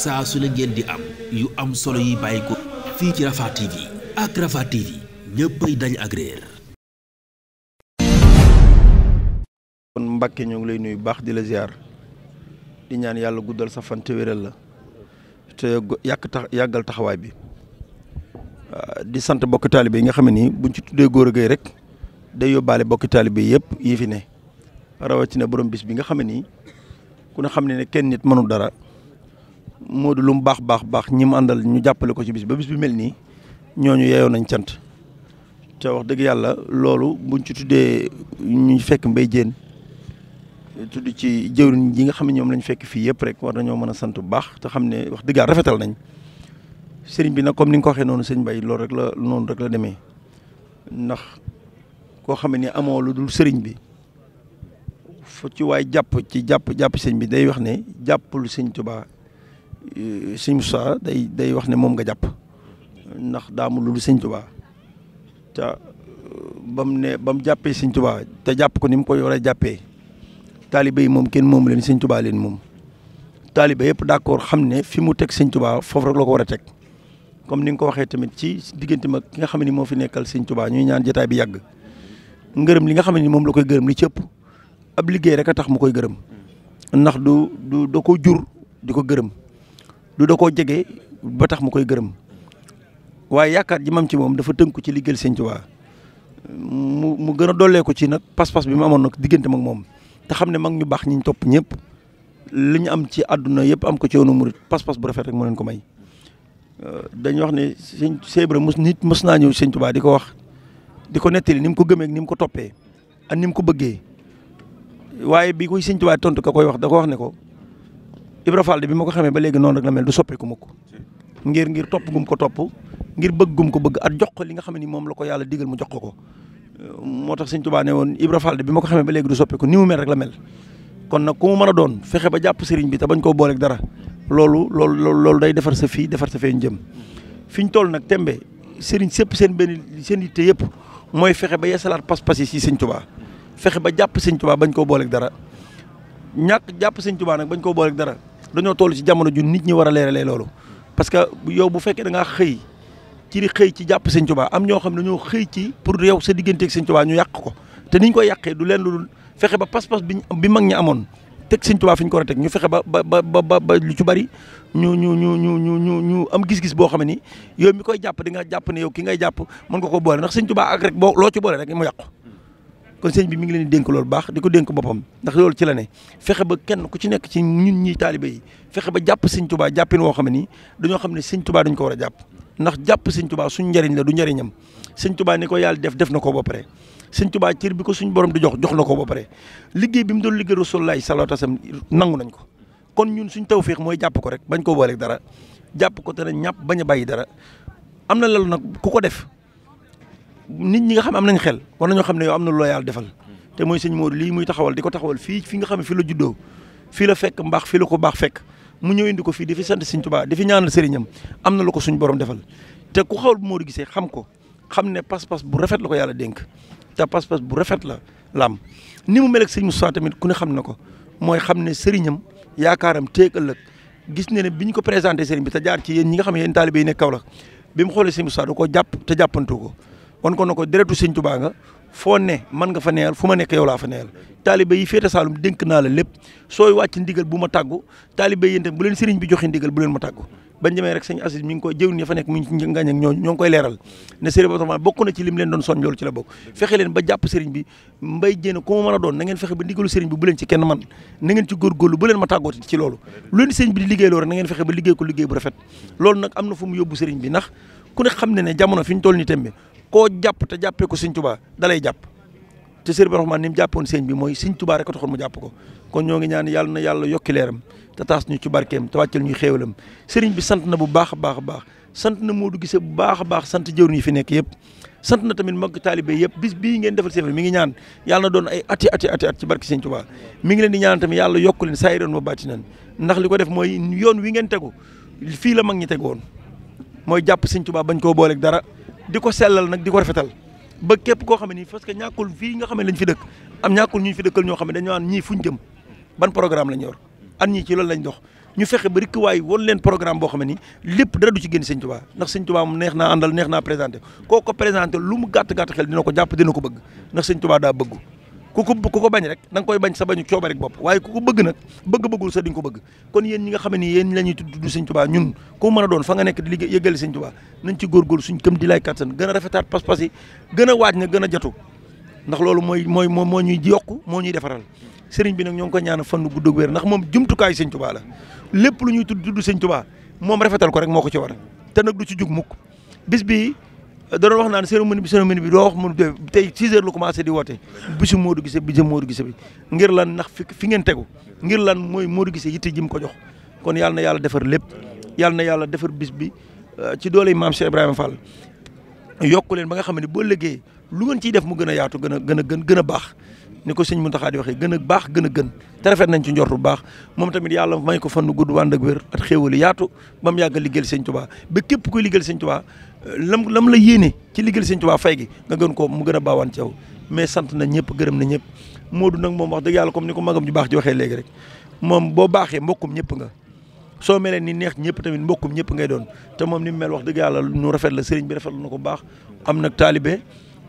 saa su ne ngeen di am yu am solo yi bàyyi ko fii ci Rafah TV ak Rafah TV ñëppay dañ ak réer kon Mbàkke ñoo ngi lay nuyu baax di la ziar di ñaan yàlla guddal sa fan la te yàq tax yàggal taxawaay bi ah, di sant bokki taalibe yi nga xam ne nii buñ ci tuddee góor a géey rek day yóbbaale bokki taalibe yëpp yi fi ne rawatina borom bis bi nga xam ni ku ne xam ne ne kenn nit mënul dara Modou lu mu baax baax baax ñi mu àndal ñu jàppale ko ci bis ba bis bi mel nii ñooñu yeyoo nañ cant te wax dëgg yàlla loolu buñ ci tuddee ñu fekk mbay jéen tudd ci jëwriñ ji nga xam ne ñoom lañu fekk fii yëpp rek war nañoo mën a sant bu baax te xam ne wax dëgg rafetal nañ sëriñ bi nag comme ni nga ko waxee noonu sëriñ Bay loolu rek la noonu rek demee ndax koo xam ne amoo lu dul sëriñ bi. fu ci waay jàpp ci jàpp jàpp sëñ bi day wax ne jàppul sëñ Tuubaa sëñ Moussa day day wax ne moom nga jàpp ndax daamu lu sëñ Tuubaa te ba mu ne ba mu jàppee sëñ Tuubaa te jàpp ko ni mu koy war a jàppee taalibe yi moom kenn moom leen sëñ Tuubaa leen moom. taalibe yëpp d'accord xam ne fi mu teg sëñ Tuubaa foofu rek la ko war a teg comme ni nga ko waxee tamit ci diggante mag ki xam ni moo fi nekkal sëñ Tuubaa ñaan jotaay bi yàgg ngërëm li nga xam ne moom la koy gërëm li ci ëpp ab liggéey rek a tax mu koy gërëm ndax du du ko jur di ko gërëm. du da koo jege ba tax mu koy gërëm waaye yaakaar ji mam ci moom dafa tënku ci liggéeyal Sëñ Tuubaa mu mu gën a dollee ko ci nag pas-pas bi mu amoon nag diggante mag moom te xam ne mag ñu baax ñiñ topp ñëpp li ñu am ci àdduna yëpp am ko ci yoonu murit pas-pas bu rafet rek mu leen ko may euh, dañuy wax ne sëñ Seybra mos nit mos naa ñëw Sëñ Tuubaa di ko wax di ko nettali ni mu ko gëmee ni mu ko toppee a ni mu ko bëggee waaye bi koy Sëñ Tuubaa tontu ka koy wax da ko wax ne ko Ibra Fall bi ma ko xamee ba léegi noonu rek la mel du soppeeku mukk ngir ngir topp gum ko topp ngir bëgg gum ko bëgg at jox ko li nga xam ne ni moom la ko yàlla digal mu jox ko ko moo tax sëñ Tuubaa ne woon Ibra bi ma ko xamee ba léegi du soppeeku ni mu la mel kon nag ku mu mën a doon fexe ba jàpp sëriñ bi te bañ koo booleeg dara loolu loolu loolu day defar sa fii defar sa fee jëm fi ñu toll nag tembe sëriñ sëpp seen benn seen yitte yëpp mooy fexe ba yeesalaat pas-pas yi si sëñ Tuubaa fexe ba jàpp sëñ Tuubaa bañ koo booleeg dara ñàkk jàpp sëñ Tuubaa nag bañ koo booleeg dara dañoo toll ci jamono ju nit ñi war a leeralee loolu parce que yow bu fekkee da ngaa xëy ci di xëy ci jàpp sëñ Tuubaa am ñoo xam ne dañoo xëy ci pour yow sa digganteeg sëñ Tuubaa ñu yàq ko te niñ koy yàqee du leen lu fexe ba pas-pas bi bi mag ñi amoon teg sëñ Tuubaa fi ñu ko war teg ñu fexe ba ba ba ba lu ci bari ñu ñu ñu ñu ñu ñu ñu am gis-gis boo xam ne ni yow mi koy jàpp di nga jàpp ne yow ki ngay jàpp mën nga ko boole ndax sëñ Tuubaa ak rek boo loo ci boole rek mu yàqu kon sëñ bi mu ngi leen dénk loolu baax di ko dénk boppam ndax loolu ci la ne fexe ba kenn ku ci nekk ci ñun ñii taalibe yi fexe ba jàpp sëñ tubaa jàppin woo xam ne nii dañoo xam ne sëñ tubaa ko war a jàpp ndax jàpp sëñ tubaa suñ njëriñ la du njariñam sëñ tubaa ni ko yàlla def def na ko ba pare sëñ tubaa cër bi ko suñ borom di jox jox na ko ba pare liggéey bi mu doon liggéey rasulullaahi salaatu wasalaam nangu nañ ko kon ñun suñ tawféex mooy jàpp ko rek bañ koo booleeg dara jàpp ko te ne bañ a bàyyi dara am na loolu nag ku ko def nit ñi nga xam am na nañ xel war nañoo xam ne yow am na loo yàlla defal te mooy sëñ Modou lii muy taxawal di ko taxawal fii fi nga xam ne fi la juddoo fii la fekk mbaax fii la ko baax fekk mu ñëw indi ko fii di fi sant sëñ Tuubaa di fi ñaanal sëriñam am na lu ko suñ borom defal te ku xawal bu Modou gisee xam ko xam ne pas-pas bu rafet la ko yàlla dénk te pas-pas bu rafet la lam ni mu mel ak sëñ Moussa tamit ku ne xam na ko mooy xam ne sëriñam yaakaaram teeg ëllëg gis ne ne bi ñu ko présenté sëriñ bi te jaar ci yéen nga xam ne yéen taalibe yi nekk xoolee sëñ Moussa koo jàpp te jàppantu ko wan ko na ko deretu sëñ Tuubaa nga foo ne man nga fa neyal fu ma nekk yow laa fa neyal taalibe yi Saalum dénk naa la lépp sooy wàcc ndigal bu ma tàggu taalibe yi itam bu leen sëriñ bi joxe ndigal bu leen ma tàggu bañ demee rek sëñ Asis mi ngi koy jëwin ya fa nekk mu ngi ci ngàñ ak ñoo ñoo ngi ne sëriñ Batouma ci lim leen ma mën a doon na ngeen fexe ba ndigalu sëriñ bi bu leen ci kenn na ngeen loolu lu leen bi di liggéey loolu rek na ngeen fexe ba liggéey ko liggéey bu rafet loolu nag am na fu mu yóbbu sëriñ bi nax ku ne xam ne ne jamono fi ñu toll nii tembe koo jàpp te jàppee ko sëñ Tuubaa dalay jàpp te Serigne Rahmane ni mu jàppoon sëñ bi mooy sëñ Tuubaa rek a taxoon mu jàpp ko kon ñoo ngi ñaan yàlla na yàlla yokki leeram te taas ñu ci barkeem te wàccal ñu xéewalam sëriñ bi sant na bu baax a baax a baax sant na Modou Guissé bu baax a baax sant jëwriñ yi fi nekk yëpp sant na tamit mag taalibe yëpp bis bii ngeen defal seen mi ngi ñaan yàlla doon ay ati at ci barke ngi leen di ñaan tamit yàlla yokk leen saa yi doon ba bàtti nan ndax li ko def mooy yoon wi ngeen tegu fii la mag ñi teg mooy jàpp sëñ Tuubaa bañ koo booleeg dara di ko sellal nag di ko rafetal ba képp koo xam ne nii parce que ñàkkul fii nga xam ne lañ fi dëkk am ñàkkul ñu fi dëkkal ñoo xam ne dañoo naan ñii fuñ jëm ban programme lañ yor an ñii ci loolu lañ dox ñu fexe ba rikk waay won leen programme boo xam ne ni lépp dara du ci génn sëñ Tuubaa ndax sëñ Tuubaa moom neex na àndal neex na présenté koo ko présenté lu mu gàtt gàtt xel dina ko jàpp dina ko bëgg ndax sëñ Tuubaa daa bëggu ku ko ku ko bañ rek da koy bañ sa bañu cooba bopp waaye ku ko bëgg nag bëgg-bëggul sa di bëgg kon yéen ñi nga xam ne ni yéen la ñuy ñun ku mën a doon fa nga nekk di liggéey yëgale Sëñ Tuubaa nañ ci góorgóorlu suñ këm di lay kattan gën a rafetaat pas-pas loolu mooy mooy moo moo ñuy yokk moo ñuy defaral sëriñ bi nag ñoo ngi ko ñaanal fan gudd ak wér ndax moom jumtukaayu Sëñ Tuubaa la lépp lu ñuy tudd tudd Sëñ Tuubaa ko rek moo ko ci war te nag du ci jug mukk bis da doon wax naan cérémonie bi cérémonie bi doo wax mu tey 6 heures la commencé di woote bisu Modou Guissé bi jëm Modou Guissé bi ngir lan ndax fi fi ngeen tegu ngir lan mooy Modou Guissé yitte ji mu ko jox kon yàlla na yàlla defar lépp yàlla na yàlla defar bis bi euh, ci doole maam Cheikh Ibrahima fal yokk leen ba nga xam ne boo liggéey lu ngeen ciy def mu gën a yaatu gën a gën a gën gën a baax ni ko sëñ Mountakha di waxee gën a baax gën a gën te nañ ci njortu bu baax moom tamit yàlla mañ ko fan gudd wànd ak wér at xéewali yaatu ba mu yàgg a liggéeyal sëñ Touba ba képp kuy liggéeyal sëñ Touba lam lam la yéene ci liggéey sëñ Tuubaa fay gi nga gën ko mu gën a baawaan ci yow mais sant na ñëpp gërëm na ñëpp Modou nag moom wax dëgg yàlla comme ni ko magam ju baax ji waxee léegi rek moom boo baaxee mbokkum ñëpp nga soo melee ni neex ñëpp tamit mbokkum ñëpp ngay doon te moom ni mu mel wax dëgg yàlla ñu rafet la sëriñ bi rafet na ko baax am nag taalibe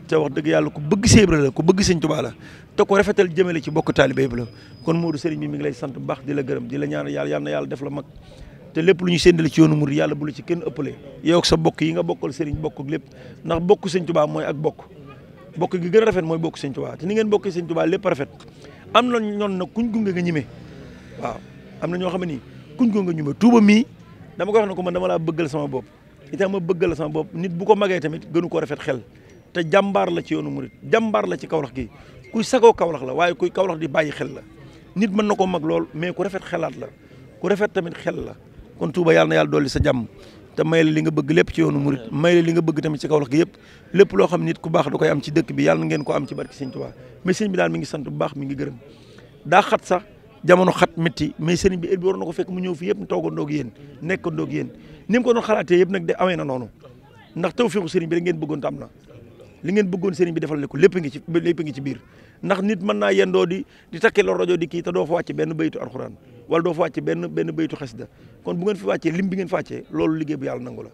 te wax dëgg yàlla ku bëgg Seex Ibra la ku bëgg sëñ Tuubaa la te ko rafetal jëmale ci bokk taalibe bi kon Modou sëriñ bi mi ngi lay sant bu baax di la gërëm di la ñaan yàlla yal na yàlla def mag te lépp lu ñu séddale ci yoonu murid yàlla bu la ci kenn ëppale yow ak sa bokk yi nga bokkal sëriñ bokk ak lépp ndax bokk sëñ Tuubaa mooy ak bokk bokk gi gën a rafet mooy bokk sëñ Tuubaa te ni ngeen bokkee sëñ Tuubaa lépp rafet am na ñoon nag kuñ gunge nga ñime waaw am na ñoo xam ne nii kuñ gunge ñime Tuuba mii dama ko wax ne ko man dama laa bëggal sama bopp itam ma bëggal sama bopp nit bu ko magee tamit gënu ko rafet xel te jàmbaar la ci yoonu murid jàmbaar la ci Kawlax gi kuy sagoo Kawlax la waaye kuy Kawlax di bàyyi xel la nit mën na ko mag lool mais ku rafet xelaat la ku rafet tamit xel la kon Touba yàlla na yàlla dolli sa jàmm te may la li nga bëgg lépp ci yoonu murit may la li nga bëgg tamit ci Kaolack gi yëpp lépp loo xam nit ku baax da am ci dëkk bi yàlla na ngeen ko am ci barki Sëñ Touba mais sëñ bi daal mi ngi sant bu baax mi ngi gërëm daa xat sax jamono xat métti mais sëriñ bi heure bi war na ko fekk mu ñëw fi yëpp toogandoo ak yéen nekkandoo ak yéen ni mu ko doon xalaatee yëpp nag de amee na noonu ndax tawfeexu sëriñ bi da ngeen bëggoon te am na li ngeen bëggoon sëriñ bi defal ko lépp ngi ci lépp ngi ci ndax nit mën naa yendoo di di takki la rajo di kii te doo fa wàcce benn baytu alxuraan wala doo fa wàcce benn benn baytu xasida kon bu ngeen fi wàccee lim bi ngeen fi wàccee loolu liggéey bu yàlla nangu la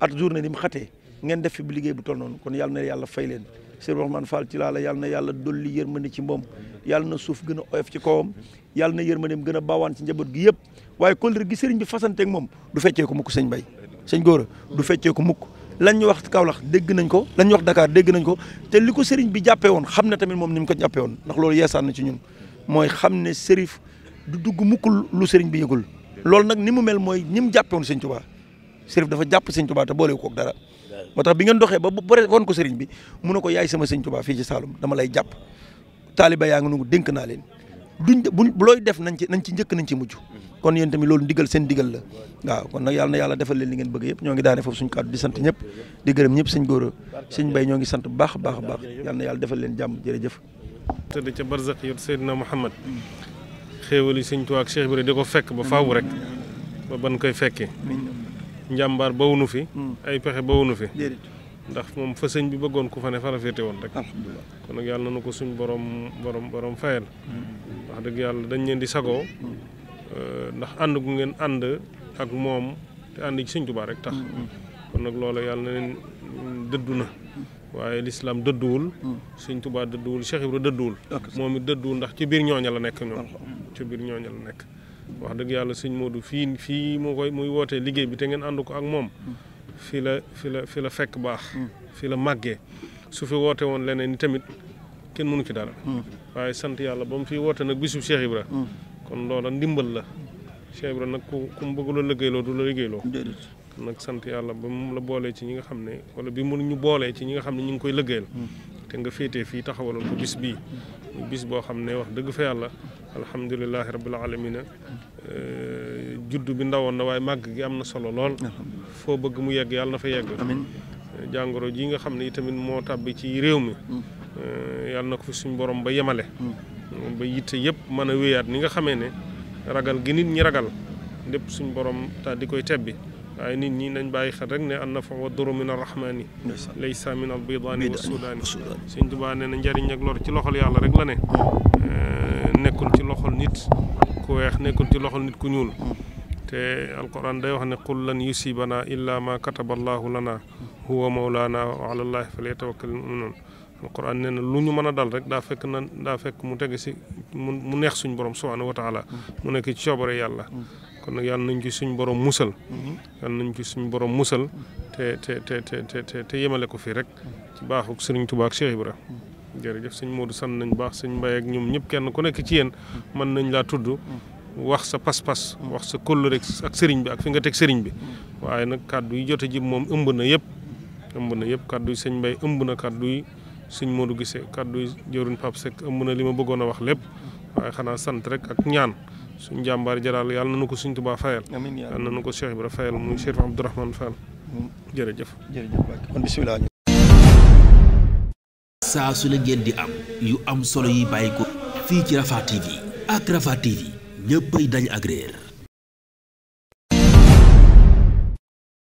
at journée ni mu xatee ngeen def fi bu liggéey bu toll noonu kon yàlla na yàlla fayleen leen Sëriñ Rahmane Fall ci laa la yàlla na yàlla dolli yërmande ci moom yàlla na suuf gën a oyof ci kawam yàlla na yërmandeem gën a baawaan ci njaboot gi yëpp waaye kóllëre gi sëriñ bi fasanteeg moom du feccee ko mukk sëñ bay sëñ góora du ko mukk lan ñu wax Kaolack dégg nañ ko lan ñu wax Dakar dégg nañ ko te li ko sëriñ bi jàppee woon xam ne tamit moom ni mu ko jàppee woon ndax loolu yeesaan na ci ñun mooy xam ne du dugg mukk lu sëriñ bi yëgul loolu nag ni mu mel mooy ni mu jàppee woon sëñ Tuubaa dafa jàpp sëñ Tuubaa te boole kook dara moo tax bi ngeen doxee ba bëre woon ko seriñ bi mu ne ko yaay sama sëñ fii ci Saalum dama lay jàpp taaliba yaa ngi nungu dénk naa leen duñ buñ looy def nañ ci nañ ci njëkk nañ ci mujj kon yéen tamit loolu ndigal seen ndigal la waaw kon nag yàlla na defal leen li ngeen bëgg yëpp ñoo ngi daane foofu suñu kàddu di sant ñëpp di gërëm ñëpp sëñ góor sëñ bay ñoo ngi sant baax baax baax yàlla na yàlla defal leen jàmm jërëjëf tëdd ca barzak yor Seydina Muhammad xéewal yi sëñ Tuubaa ak Cheikh Ibra di ko fekk ba faaw rek ba ban koy fekkee njàmbaar bawunu fi ay pexe bawunu fi ndax moom fa sëñ bi bëggoon ku fa ne fa la féete woon rek kon nag yàlla na ko suñ borom borom borom fayal mm. dëgg yàlla dañ leen di sagoo mm. Euh, ndax ànd gu ngeen ànd ak moom te ànd ci sëñ Tuubaa rek tax kon nag loola yàlla na dëddu na waaye lislaam dëdduwul sëñ tubaa dëdduwul Cheikh Ibra dëdduwul moom it dëdduwul ndax ci biir ñooña la nekk ñoom ci biir ñooña la nekk wax dëgg yàlla sëñ Modou fii fii moo koy muy wootee liggéey bi te ngeen ànd ko ak moom fi la fi la fi la fekk baax fi la màggee su fi woote woon leneen ni tamit kenn mënu ci dara mm. waaye sant yàlla ba mu fi woote nag bisu Cheikh Ibra mm. kon loola ndimbal la Cheikh nag ku ku mu bëgg la liggéeyloo du la liggéeyloo nag sant yàlla ba mu la boolee ci ñi nga xam ne wala bi mu ñu boolee ci ñi nga xam ne ñu ngi koy liggéeyal hmm. te nga féetee fii taxawaloon ko bis bii mu bis boo xam ne wax dëgg fa yàlla alhamdulilahi rabbil alamina eh, juddu bi ndawoon na waaye màgg gi am na solo lool foo bëgg mu yegg yàlla na fa yegg eh, jàngoro ji nga xam ne itamit moo tàbbi ci réew mi hmm. eh, yàlla na ko fi suñ borom ba yemale hmm. ba yitte yëpp mën a wéyaat ni nga xamee ne ragal gi nit ñi ragal lépp suñ borom daal di koy tebbi waaye nit ñi nañ bàyyi xel rek ne an nafa wa duru min arrahmaani laysa min albidaani wa sudaani suñ tubaa nee na njariñ ak lor ci loxol yàlla rek la ne eh, nekkul ci loxol nit ku weex nekkul ci loxol nit ku ñuul te alquran day wax ne qul lan yusibana illa ma kataba allahu lana huwa mawlana wa ala allahi falyatawakkal al muminuun alquran nee na lu ñu mën a dal rek daa fekk na daa fekk mu teg si mu neex suñu borom subhanahu wa taala mm-hmm. mu nekk ci coobare yàlla mm-hmm. kon nag yàlla nañ ci suñu borom musal mm-hmm. nañ ci suñu borom musal te yemale ko fii rek baaxu sëriñ Tuubaa ak Cheikh Ibra jërëjëf sëñ Modou sant nañ baax sëñ Mbaye ak ñoom ñëpp kenn ku nekk ci yéen mën nañ laa tudd wax sa pas-pas wax sa kóllëre ak sëriñ bi ak fi nga teg sëriñ bi waaye nag kàddu yi jot a jib moom ëmb na yëpp ëmb na yëpp kàddu yi sëñ Mbaye ëmb na kàddu yi suñ sëñ Modou gisee kàddu jëruñ Pape Seck ëmb na li ma bëggoon a wax lépp waaye xanaa sant rek ak ñaan suñ jàmbaar jaraal yàlla na nu ko suñ Tuubaa fayal. amiin yàlla na nu ko Cheikh Ibra fayal muy Cheikh Abdourahmane Fall jërëjëf. jërëjëf kon bisimilah. saa su la ngeen di am yu am solo yi bàyyi ko fii ci Rafah TV ak Rafah TV ñëppay dañ agréer